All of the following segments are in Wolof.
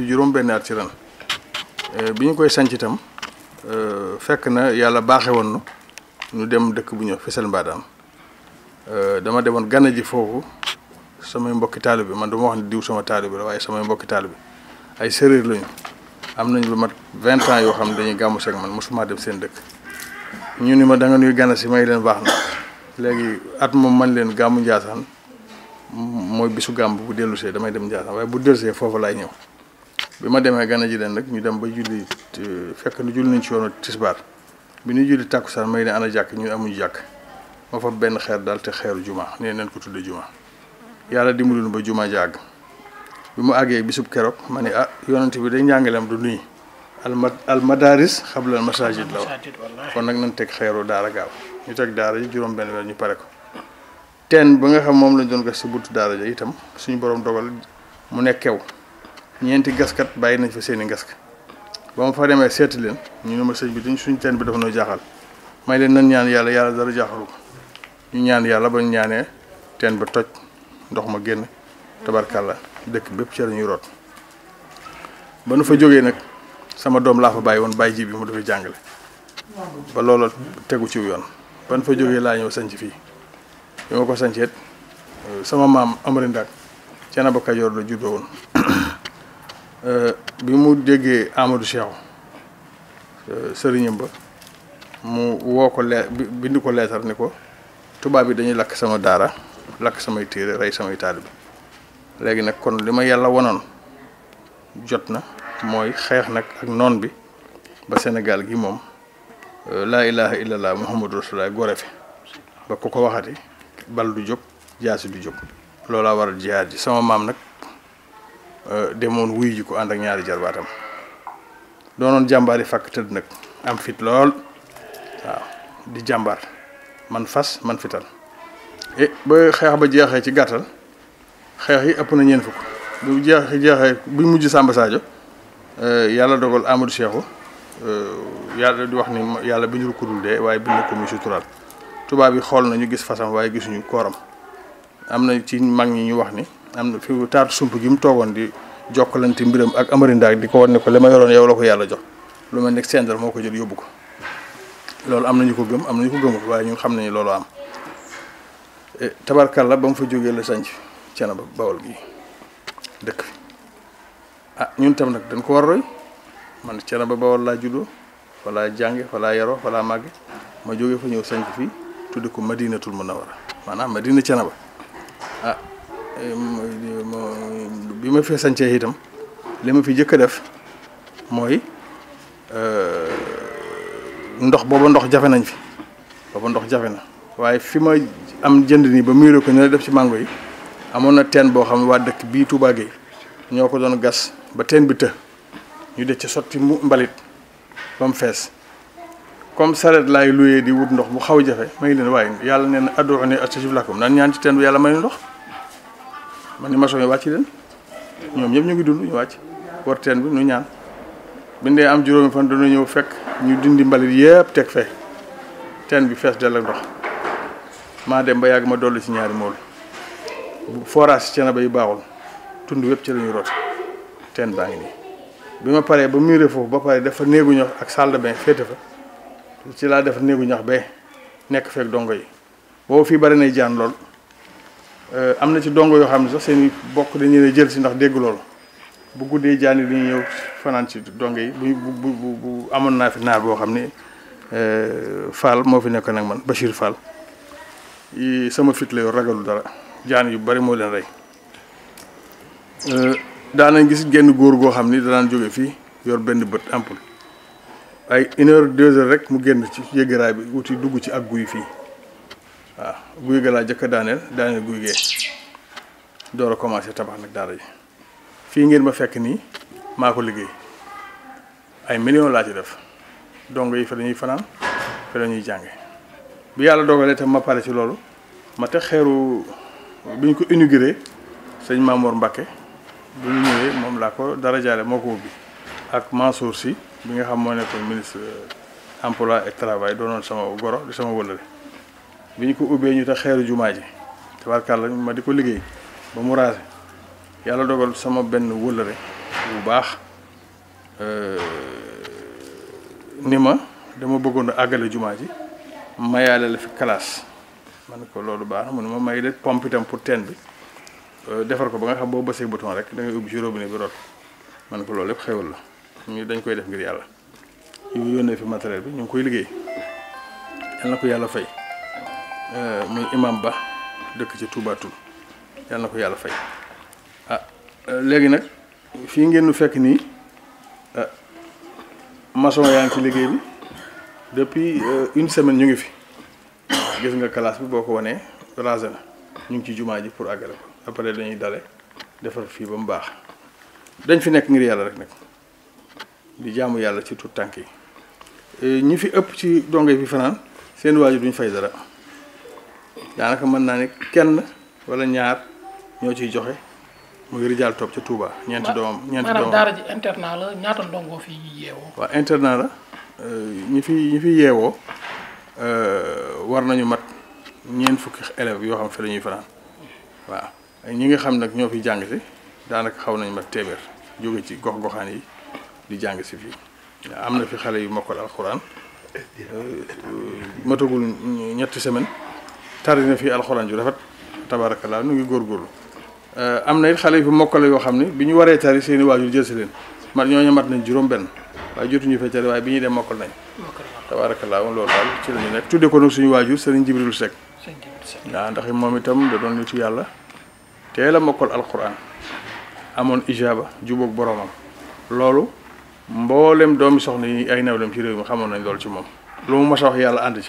fi juróom benn at ci ren eh, bi ñu koy sanc itam eh, fekk na yàlla baaxe woon na ñu dem dëkk bu ñëw Fissel Mbadaan eh, dama demoon gana ji foofu samay mbokki bi man dama wax ne diw sama taalibe la waaye samay mbokki bi ay séréer lañu am nañu lu mat vingt ans yoo xam ne dañuy gàmmu seeg man mosuma dem seen dëkk ñu ni ma da nga nuy gana si may leen baax na léegi at moom man leen gàmmu Njaasaan mooy bisu gàmm bu dellusee damay dem Njaasaan waaye bu dellusee foofu laay ñëw bi ma demee gana ji leen nag ñu dem ba julli fekk nu julli nañ ci yoonu tisbaar bi ñuy julli tàkkusaan may ne ana jàkk ñu amuñu jàkk ma fa benn xeer daal te xeeru juma nee nen ko tudde juma yàlla di dimbaluñu ba juma jàgg bi mu àggee bisub keroog ma ne ah yonent bi day njàngaleem du nuy alma almadaris xabla al masajid la wax kon nag nañ teg xeeru daara gaaw ñu teg daara juróom benn weer ñu pare ko teen ba nga xam moom lañ doon gas si buntu daara ja itam suñu borom dogal mu nekkew ñeenti gaskat bàyyi nañ fa seeni i gask ba ma fa demee seeti leen ñu ne ma sëñ bi duñ suñ teen bi dafa noo jaaxal may leen nan ñaan yàlla yàlla dara jaaxalu ñu ñaan yàlla ba ñu ñaanee teen ba toj ndox ma génn la dëkk bépp ci ñu root ba nu fa jógee nag sama doom laa fa bàyyi woon bàyyi jib bi mu dafay jàngale ba loola tegu ci yoon ba nu fa jógee laa ñëw sanc fii bi ma ko sanceet sama maam Amari Ndaak Thiénaba Kajoor la juddoo woon Euh, bi mu déggee amadu Cheikh euh, sëriñam ba mu woo ko lee bind ko leetar ni ko tubaab bi dañuy lakk sama daara lakk samay téere rey samay taalibe léegi nag kon li ma yàlla wonoon jot na mooy xeex nag ak noon bi ba senegal gi moom euh, laa ilaha illallah muhammadu rasulullah gore fi ba ku ko waxati bal du jóg jaasi du jóg loolaa waral jihaad ji sama maam nag Euh, demoon wuyu ji ko ànd ak ñaari jarbaatam doonoon jàmbaari fàkk tëdd nag am fit lool waaw di jàmbaar man fas man fital e ba xeex ba jeexee ci gàttal xeex yi ëpp na ñeen fukk bu jeex jeexee bu mujj Samba Sadio euh, yàlla dogal Amadou Cheikhou euh, yàlla di wax ni yàlla bi ñu kudul de waaye bind ko muy suturaal tubaab yi xool nañu gis fasam waaye gisuñu kooram am na ci mag ñi ñu wax ni am na fi taatu sump gi mu toogoon di jokkalante mbiram ak amarindaak di ko wan ne ko li ma yoroon yow la ko yàlla jox lu mel ne sendal moo ko jël yóbbu ko loolu am nañu ko gëm am nañu ko gëmul waaye ñun xam nañu loolu am e, tabarkalla ba mu fa jógee la sanc cana ba bawal gi ah, ñun tam nag dañ ko war man cana ba bawal laa juddoo fa laa jànge fa laa yaroo fa laa màgge ma jógee fa ñëw sanc fii tudde ko madinatul munawara maanaam madina cana ba ah bi ma fi sancee itam li ma fi jëkk a def mooy euh, ndox booba ndox jafe nañ fi booba ndox jafe na waaye fi ma am jënd nii ba muuré ko ñu la def ci màngo yi amoon na teen boo xam ne waa dëkk bii Touba ñoo ko doon gas ba teen bi të ñu de ci sotti mu mbalit ba fees comme saret laay luyee di wut ndox bu xaw jafe may leen waaye yàlla nee na ad'uuni astajib lakum nan ñaan ci teen bi yàlla may ndox man ni maçon yi wàcc leen ñoom ñëpp ñu ngi dund ñu wàcc war teen bi nu ñaan biñ dee am juróomi fan dañoo ñëw fekk ñu dindi mbalit yëpp teg fe teen bi fees dell ak ndox maa dem ba yàgg ma dollu ci ñaari mool bu forage ci Thiénaba yi baaxul tund wépp ci la ñuy root teen baa ngi nii bi ma paree ba muuree foofu ba pare dafa néegu ñax ak salle féete fa ci laa def néegu ñax bee nekk feek dongo yi boobu fii bari nay jaan lool Euh, am na ci dongo yoo xam ne sax seen i bokk dañu leen jël si ndax dégg loolu bu guddee jaani li ñu ñëw fanaan ci dongo yi bu bu bu amoon naa fi naar boo xam ne euh, Fall moo fi nekk nag man Bachir Fall sama fit la yor ragalu dara jaan yu bari moo leen rey euh, daanañ gis genn góor goo xam ni danaan jóge fii yor benn bët ampul ay une heure deux heures rek mu génn ci yëgëraay bi wuti dugg ci ak guy fii waaw guy ga laa jëkk a daaneel daaneel guy gee door a commencé tabax nag daara ji fii ngeen ma fekk nii maa ko liggéey ay millions laa ci def dong yi fa dañuy fanaan fa dañuy jànge bu yàlla dogalee tam ma pare ci loolu ma te xeeru bi ñu ko inauguré sëñ Mamour Mbacké bu ñëwee moom laa ko dara jaale moo ko ubbi ak Mansour si bi nga xam moo nekkoon ministre emploi et travail doonoon sama goro di sama wëllale bi ñu ko ubbee ñu te xeeru jumaa ji tabarkàlla ma di ko liggéey ba mu raase yàlla dogal sama benn wëllëre bu baax euh, ni ma dama bëggoon a àggale jumaa ji mayaale la fi classe man ko loolu baax na mu ma may de pompe itam pour teen bi euh, defar ko ba nga xam boo bësee bouton rek da ngay ubbi ci robinet bi rot man ko loolu yëpp xewul la ñu dañ koy def ngir yàlla yu yónnee fi matériel bi ñu ngi koy liggéey yal na ko yàlla fay Euh, muy imam Ba dëkk ci Touba yàlla na ko yàlla fay ah euh, léegi nag fii ngeen nu fekk nii euh, maçon yaa ngi ci liggéey bi depuis une semaine ñu ngi fi gis nga classe bi boo ko wanee rasé na ñu ngi ci jumaa ji pour àggale ko après dañuy dale defar fii ba mu baax dañ fi nekk ngir yàlla rek nag di jaamu yàlla ci tout tànk yi ñi fi ëpp ci dongo yi fi fanaan seen waajur duñ fay dara daanaka mën naa ne kenn wala ñaar ñoo ciy joxe muy rijaal topp ca Touba. ñeenti doomam ñeenti doomam internat la ñaata ndongo fi yeewoo. waaw internat la ñi fi ñi fi yeewoo euh, war nañu mat ñeent fukki élèves yoo xam fi la ñuy fanaan waaw ñi nga xam nag ñoo fi jàng si daanaka xaw nañu mat téeméer jóge ci gox-goxaan yi di jàng si fii am na fi xale yu mokkal alxuraan euh, euh, matagul ñetti semaine tari na fii alxuraan ju rafet laa nu ngi góorgóorlu am na it xale yu fi mokkale yoo xam ne bi ñu waree tari seeni i waajur jël si leen man ñooñu mat nañ juróom-benn waaye jotuñu fee tari waaye bi ñuy dem mokkal nañ. tabaarakallaa loolu daal ci la ñu nekk tuddee ko nag suñu waajur sëriñ Jibril Seck. waaw ndax moom itam da doon nitu yàlla teel la mokkal alxuraan amoon ijaaba jubóog boromam loolu mboolem doomi soxna yi ay nawlem ci réew mi xamoon nañ loolu ci moom lu mu yàlla ànd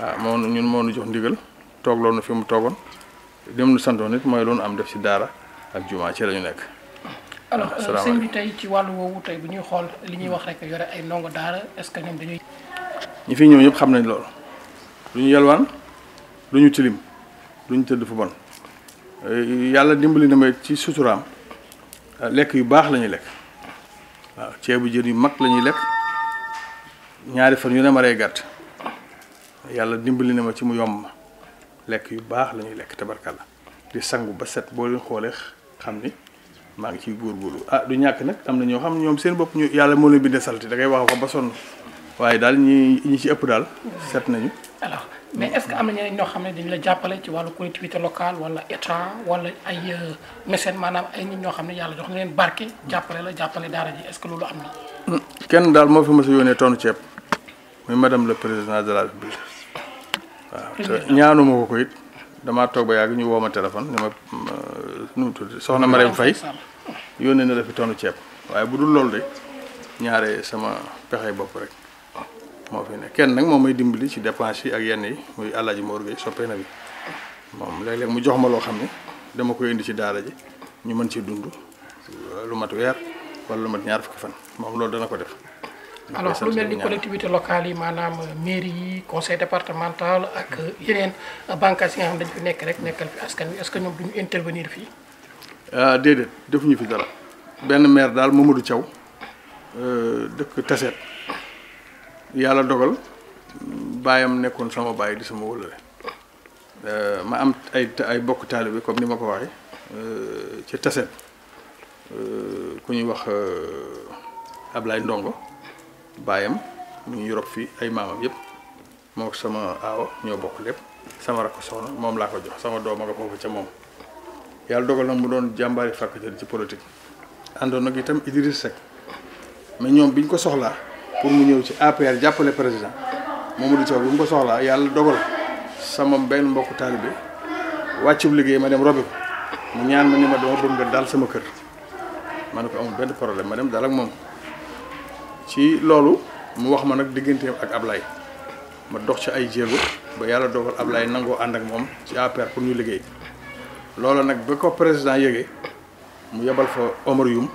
waaw ah, moom ñun moo nu jox ndigal toog loolu fi mu toogoon li mu santoon it mooy loolu am def ci daara ak jumaa ci la ñu nekk. alors ah, euh, sëñ bi tey ci wàllu woowu tey bu ñuy xool li ñuy wax rek yore ay ndongo daara est-ce que ñoom dañuy. ñi fi ñëw ñëpp xam nañ lool lu ñu yalwaan lu ñu tilim du ñu tëdd fu bon eh, yàlla dimbali na may ci suturaam ah, lekk yu baax lañuy lekk waaw ceebu jën yu mag lañuy ñuy lekk ñaari fan yu ne maree gàtt. yalla dimbali na ma ci mu yom lek yu bax lañuy lek lekk tabarkalla di sangu ba set bo leen xolex xamni ni maa ngi ciy góorgóorlu ah du ñak nak am na ñoo xam ñoom seen bop ñu yalla mo leen bindé salti da ngay wax ko ba son waye dal ñi ñi ci ëpp dal set nañu. alors mais est ce que am na ñeneen ñoo xam dañ la jappalé ci walu collectivité locale wala état wala ay euh, mécène manam ay nit ñoo xam yalla jox na leen barké jappalé la jappalé dara ji est ce que lolu am na. Hmm, kenn dal mo fi mësa yone tonu tonn muy madame le président de la république. waaw te ñaanuma ko ko it damaa toog ba yàgg ñu woo ma téléphone ni ma euh, nu mu tudd soxna Marème Faye yónnee na la fi tonu ceeb waaye bu dul loolu de ñaare sama pexe bopp rek moo fi ne kenn nag moom may dimbali ci dépense yi ak yenn yi muy Alaaji Mor Gueye soppee na bi moom léeg-léeg mu jox ma loo xam ne dama koy indi ci daara ji ñu mën ci dund euh, lu mat weer wala lu mat ñaar fukki fan moom loolu dana ko def alors lu mel ni collectivité locale yi maanaam euh, mairie yi conseil départemental ak euh, yeneen euh, bànqaas yi nga xam dañ fi nekk rek nekkal fi askan wi est-ce que ñoom duñu intervenir fii. ah déedéet defuñu fi dara benn maire daal Mamadou Thiaw dëkk Tasset yàlla dogal baayam nekkoon sama baay di sama wëllare ma am ay ay bokk taalibe comme ni ma ko waxee ci Tasset ku ñuy wax Ablaye Ndongo. bayam ñu ngi Europe fi ay mamam yépp mok sama aaw ño bokk lépp sama rakk soxna mom la ko jox sama doom nga foofu ci mom yalla dogal na mu doon jambaari fàkk jël ci politique ando nak itam Idriss sek mais ñom biñ ko soxla pour mu ñew ci APR jàppale président momu di ciow bu ko soxla yalla dogal sama ben mbokk talibé waccu liggéey ma dem robi mu ñaan ma ni ma dama bëgg dal sama kër ma ko amul ben problème ma dem dal ak mom ci lolu mu wax ma nak digënté ak ablay ma dox ci ay jéego ba yalla dogal ablay nango and ak mom ci APR pour ñu liggéey lolu nak ba ko président yégué mu yabal fa Omar yum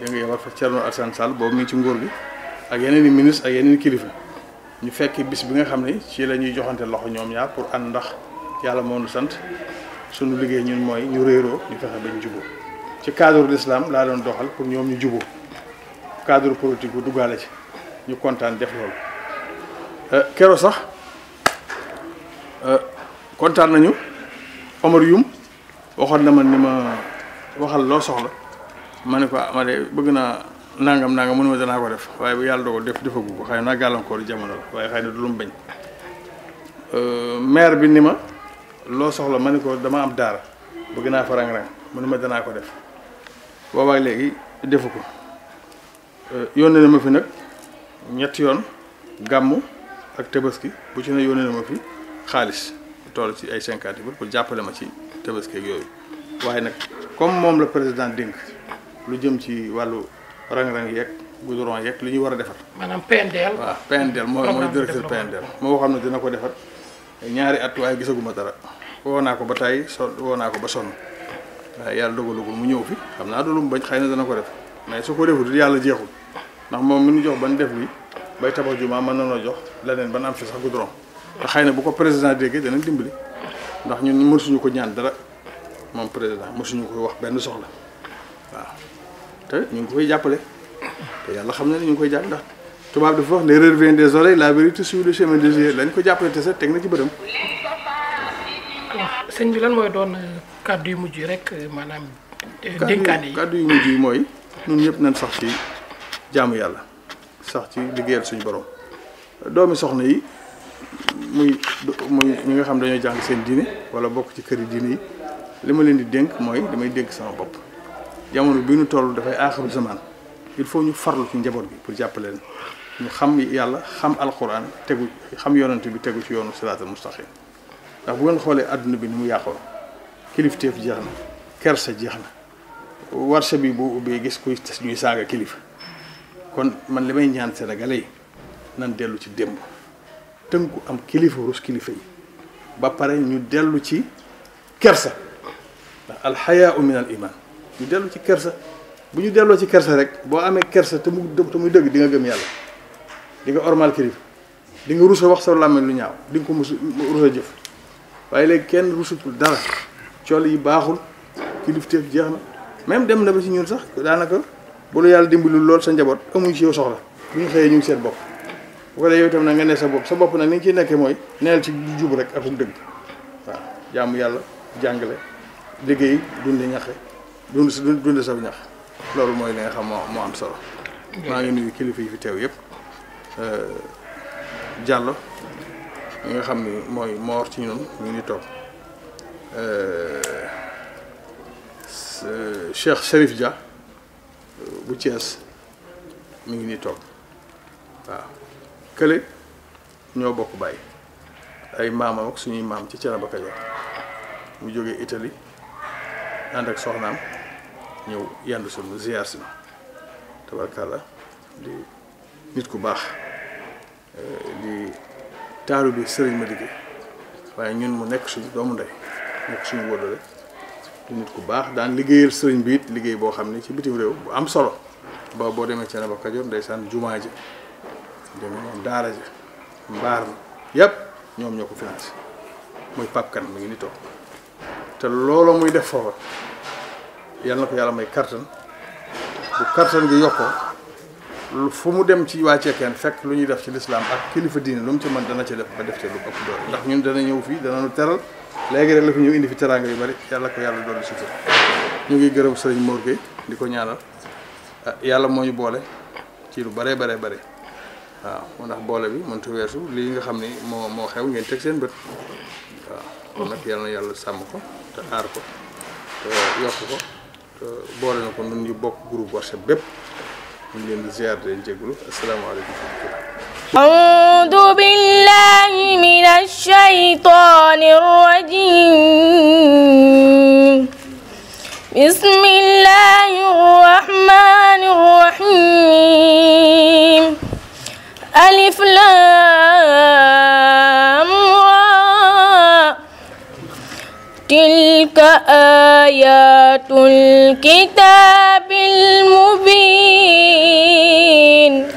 da nga yabal fa Thierno assane Sall bo mi ci ngor bi ak yeneen ministre ak yeneen kilifa ñu fekk bis bi nga xamné ci lañuy joxanté joxante loxo ñoom ñaar pour and ndax yalla mo ñu sante suñu liggéey ñun moy ñu réro ñu fexé bañ ñu ci cadre l'islam la doon doxal pour ñom ñu juboo cadre politique bu duggaale ci ñu kontaan def loolu euh, kero sax euh, kontaan nañu Omar Youm waxoon na ma ni ma waxal loo soxla ma ne ko ah, ma de bëgg naa nangam nangam mënuma danaa ko waaye bu yàlla dogal def defagu ko na gàllankoor jamono waaye xëy na du lu mu bañ euh, maire bi ni ma loo soxla ma ne ko dama am daara bëgg naa fa rang-rang mënuma danaa ko def boobaag léegi defu ko Eh, yónnee na ma fi nag ñetti yoon gàmmu ak tabaski bu ci ne yónnee na ma fi xaalis toll ci ay cinquante mille pour jàppale ma ci tabaski ak yooyu waaye nag comme moom la président dénk lu jëm ci wàllu rang-rang yeeg goudron yeeg li ñu war a defar. maanaam PNDL. waaw PNDL mooy mooy directeur PNDL. moo xam ne dina ko defar ñaari at waaye gisaguma dara woo naa ko ba tàyyi so naa ko ba sonn waaye yàlla dogalagul mu ñëw fi xam naa du bañ xëy na dana ko def. mais su ko defut yàlla jeexul ndax moom mi ñu jox ban def li bay tabax jumaa mën nanoo jox leneen ba na am fi sax goudron te xëy na bu ko président déggee danañ dimbali ndax ñun mësuñu ko ñaan dara moom président mësuñu ko wax benn soxla waaw te ñu ngi koy jàppale te yàlla xam na ne ñu ngi koy jàpp ndax tubaab dafa wax l'erreur vient des oreilles la vérité suit le chemin des yeux lañ ko jàppale te sax teg na ci bëtam. sëñ bi lan mooy doon euh, kàddu yu mujj rek euh, maanaam. Euh, dénkaane yi kàddu yu mujj yi mooy. ñun ñëpp nañ sax ci jaamu yàlla sax ci liggéeyal suñu borom doomi soxna yi muy muy ñi nga xam dañoo jàng seen diine wala bokk ci këri diine yi li ma leen di dénk mooy damay dénk sama bopp jamono bi ñu toll dafay aaxiru zaman il faut ñu farlu ci njaboot bi pour jàppaleen ñu xam yàlla xam alquran tegu xam yonante bi tegu ci yoonu siraatal mustaqim ndax bu ngeen xoolee àdduna bi ni mu yàqoo kilifteef jeex na kersa jeex na warsa bi boo ubbee gis kuy tas ñuy saaga kilifa kon man li may ñaan sénégalais yi nan dellu ci démb ku am kilifa rus kilifa yi ba pare ñu dellu ci kersa ndax alxayaa min al ñu dellu ci kersa bu ñu delloo ci kersa rek boo amee kersa te mu te muy dëgg di gëm yàlla di nga ormal kilifa di nga rusa wax sa làmmiñ lu ñaaw di ko mus rusa jëf waaye léegi kenn rusutul dara col yi baaxul kilifteef jeex na même dem na ba si ñun sax daanaka bu la yàlla dimbalul lool sa njaboot amuñ si yow soxla bu seen bopp bu ko defee yow nga ne sa bopp sa bopp nag ni nga ciy nekkee mooy neel ci jub rek ak dëgg yàlla jàngale liggéey dundi ñaxe dund si dund ñax loolu mooy li nga xam moo moo am solo. maa ngi nuyu kilifa yi fi teew yëpp euh, nga xam ni mooy moor ci ñun ñu ngi tool euh, Euh, Cheikh Cherif Dia euh, bu Thiès mi ngi ni toog waaw kële ñoo bokk bàyyi ay maamam ak suñuy maam ci Thiénaba Kajoor mu jógee Italie ànd ak soxnaam ñëw yendu suñu ziar si tabarkàlla di nit ku baax euh, di taalu bi sëriñ ma liggéey waaye ñun mu nekk suñu doomu ndey nekk suñu wóllale di nit ku baax daan liggéeyal sëriñ biit liggéey boo xam ne ci bitim réew bu am solo ba boo demee ca Naba Kajoor ndeysaan jumaa ja demee moom daara ja mbaar na yëpp ñoom ñoo ko financé muy Pape mu ngi ni te looloo muy def foofa yal na ko yàlla may kartan bu kartan gi yokkoo fu mu dem ci waa Cekkeen fekk lu ñu def ci lislaam ak kilifa diine lu mu ci man dana ci def ba def ci lu ëpp doole ndax ñun dana ñëw fii dana nu teral léegi rek la fi ñëw indi fi teraanga yu bari yàlla ko yàlla doon sutur ñu ngi gërëm sëriñ Mor Gueye di ko ñaanal ah, yàlla moo ñu boole ci lu bare bare bare waaw moo tax boole bi mënut weesu lii nga xam ni moo moo xew ngeen teg seen bët waaw kon nag yàlla yàlla sàmm ko te aar ko te yokk ko boole na ko nun ñu bokk groupe WhatsApp bépp mu leen di ziar di leen jégalu asalaamaaleykum أعوذ بالله من الشيطان الرجيم بسم الله الرحمن الرحيم ألف لام تلك آيات الكتاب المبين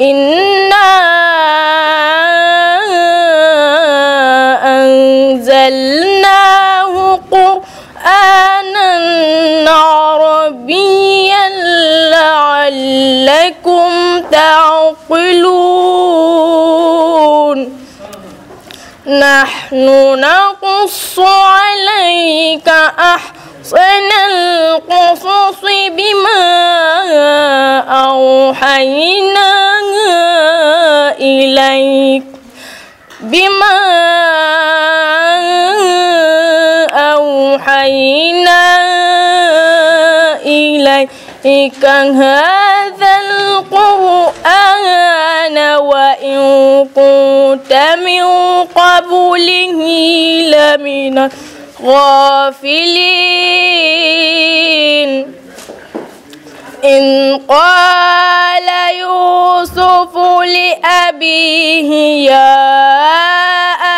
إنا أنزلناه قرآنا عربيا لعلكم تعقلون نحن نقص عليك أحسن القصص بما أوحينا ربك هذا القرآن وإن كنت من قبله لمن الغافلين إن قال يوسف لأبيه يا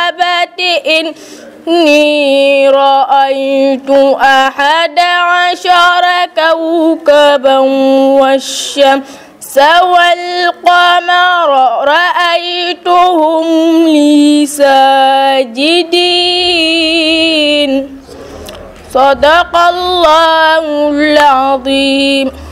أبت إن إني رأيت أحد عشر كوكبا والشمس والقمر رأيتهم لي ساجدين صدق الله العظيم